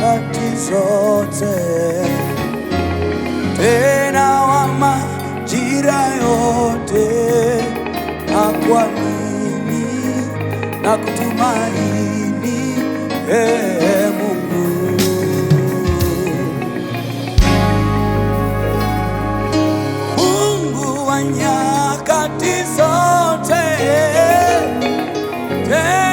nyakati zote, tena wa majira yote, nakuamini na kutumaini ee Mungu. Mungu wa nyakati zote, tena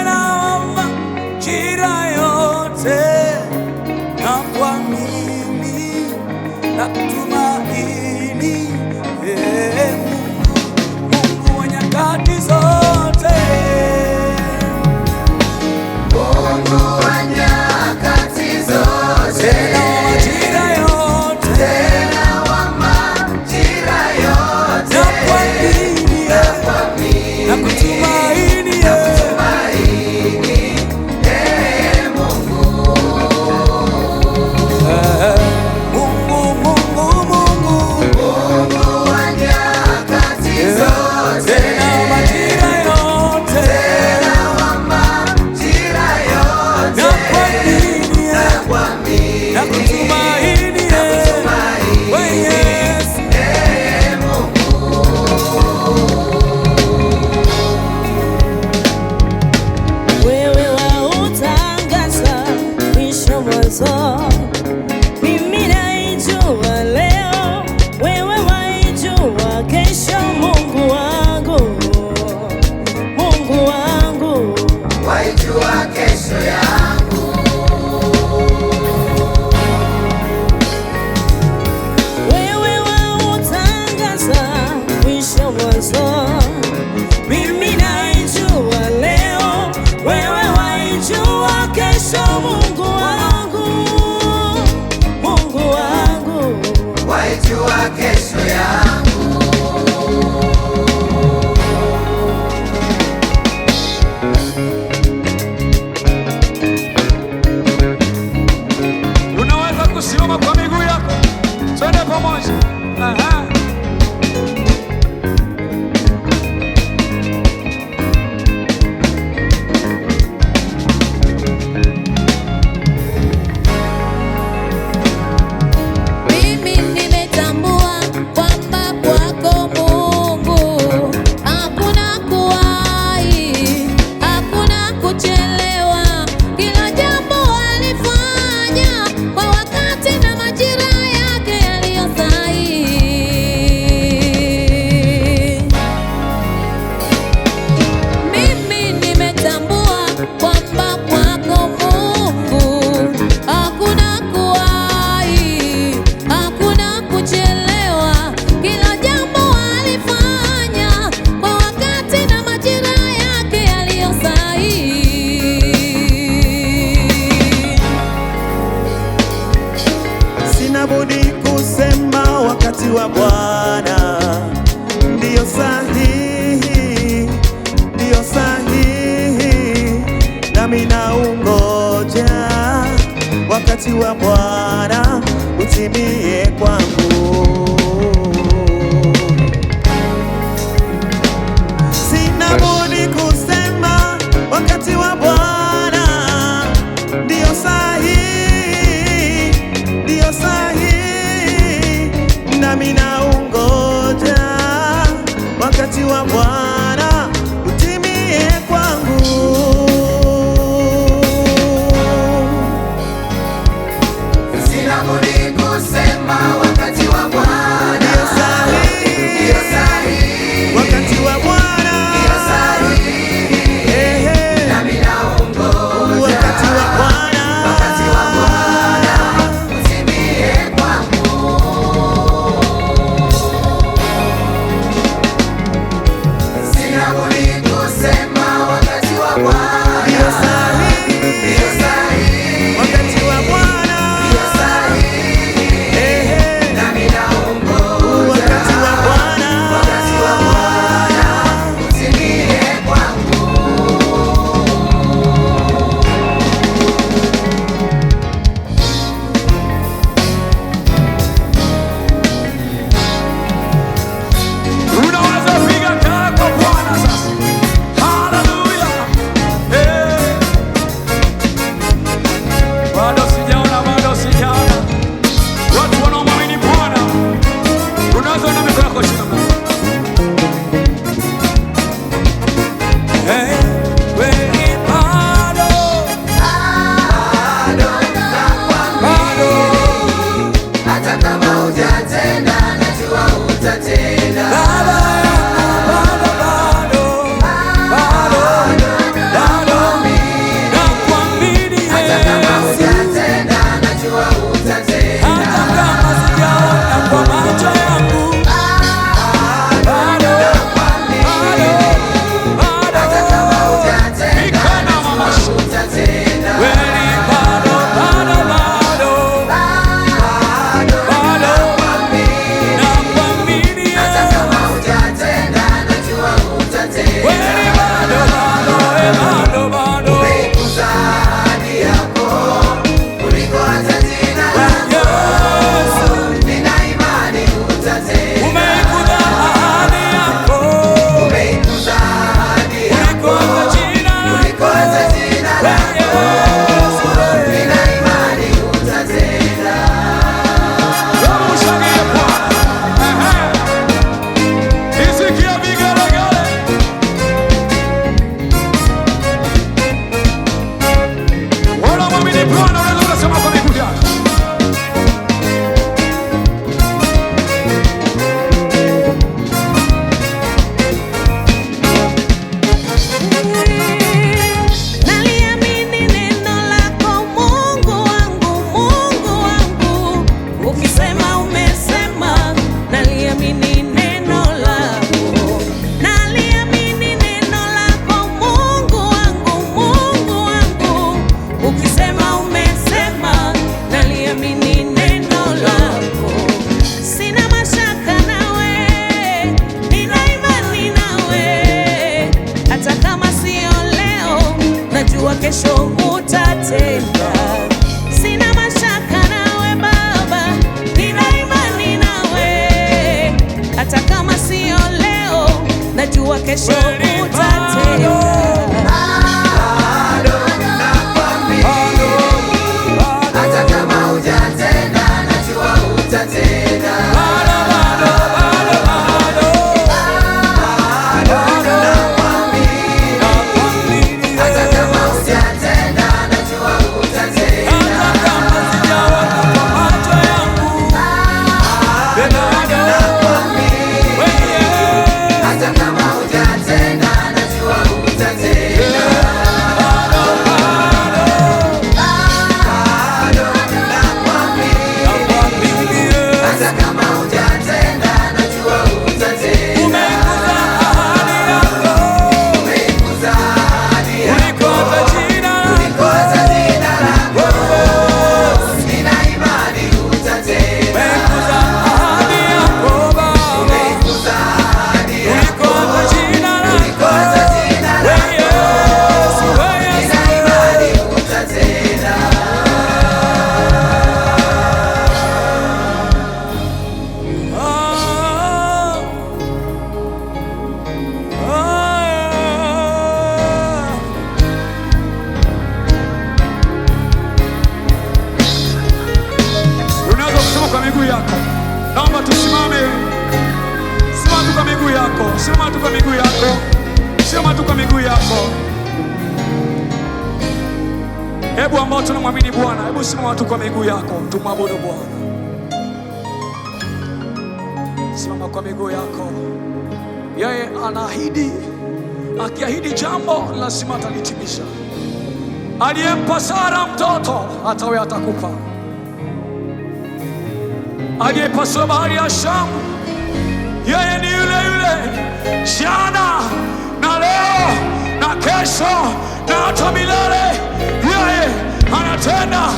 so Bwana ndiyo sahihi, ndiyo sahihi, nami naungoja wakati wa Bwana utimie kwangu. nami naungoja wakati wa Bwana. kesho utatenda. Sina mashaka nawe Baba, nina imani nawe, hata kama sio leo, najua kesho kwa miguu yako, tumwabudu Bwana. Simama kwa miguu yako. Yeye anaahidi, akiahidi jambo lazima atalitimisha. Aliyempa Sara mtoto hata atakupa. Aliyepasua bahari ya Shamu, yeye ni yule yule jana na leo na kesho na hata milele. Yeye anatenda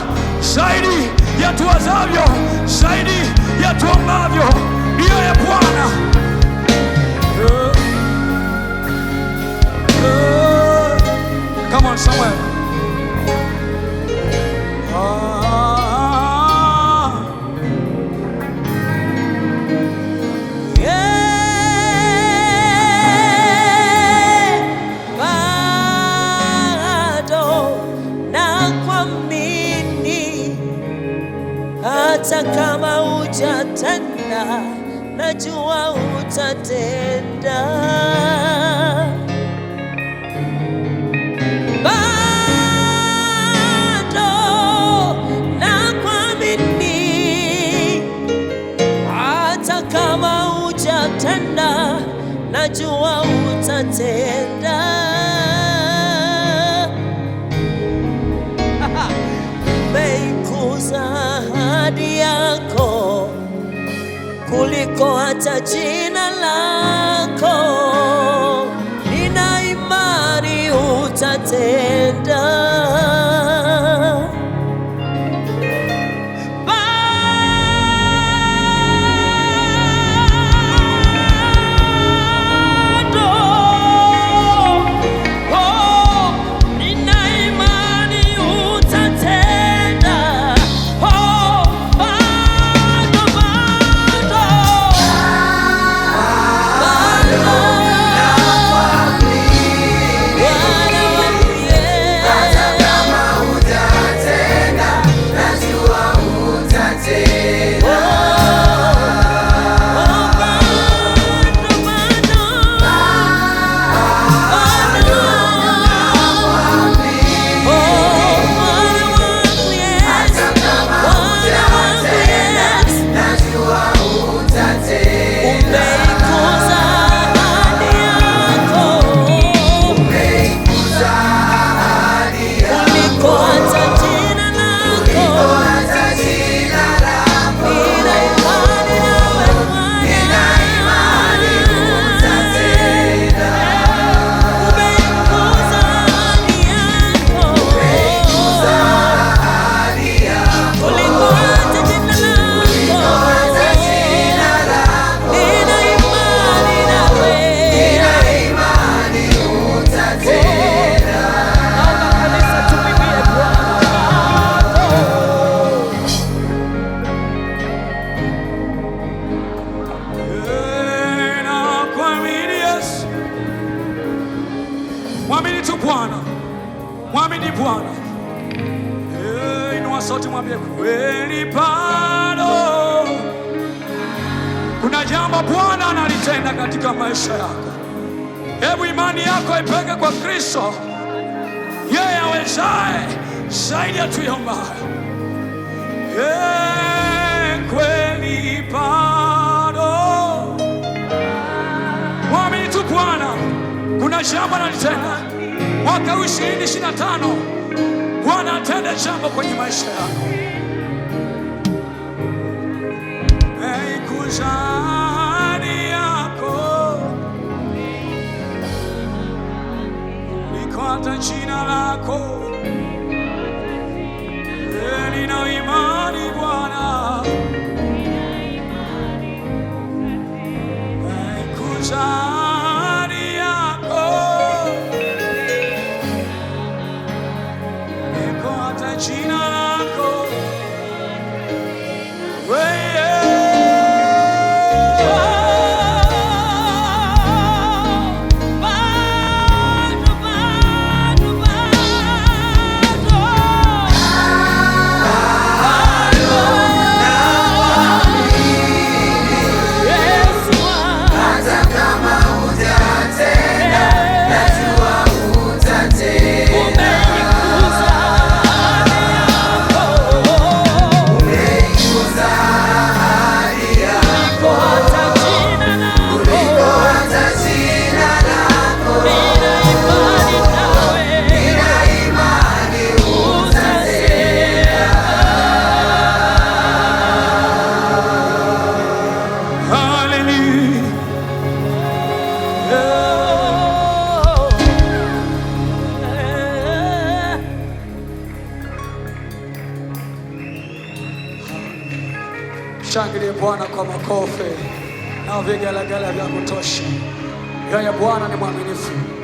zaidi ya tuwazavyo, zaidi ya tuombavyo, ndiyo ya Bwana. Eh, eh, come on somewhere. hata kama hujatenda, najua utatenda. Bado nakuamini, hata kama hujatenda, najua utatenda. Meikuza kuliko hata jina Mwamini tu Bwana, mwamini Bwana. Hey, eh, inua sauti, mwambie kweli bado kuna jambo Bwana analitenda katika maisha yako. Hebu imani yako ipeke kwa Kristo, yeye awezaye zaidi ya tuyaombayo. Hey. Eh. Kuna jambo analitenda mwaka huu ishirini ishirini na tano. Bwana atende jambo kwenye maisha yako. Hey, yako liko hata jina lako lina imani Bwana hey, Bwana kwa makofi na vigelegele vya kutosha. Yeye Bwana ni mwaminifu.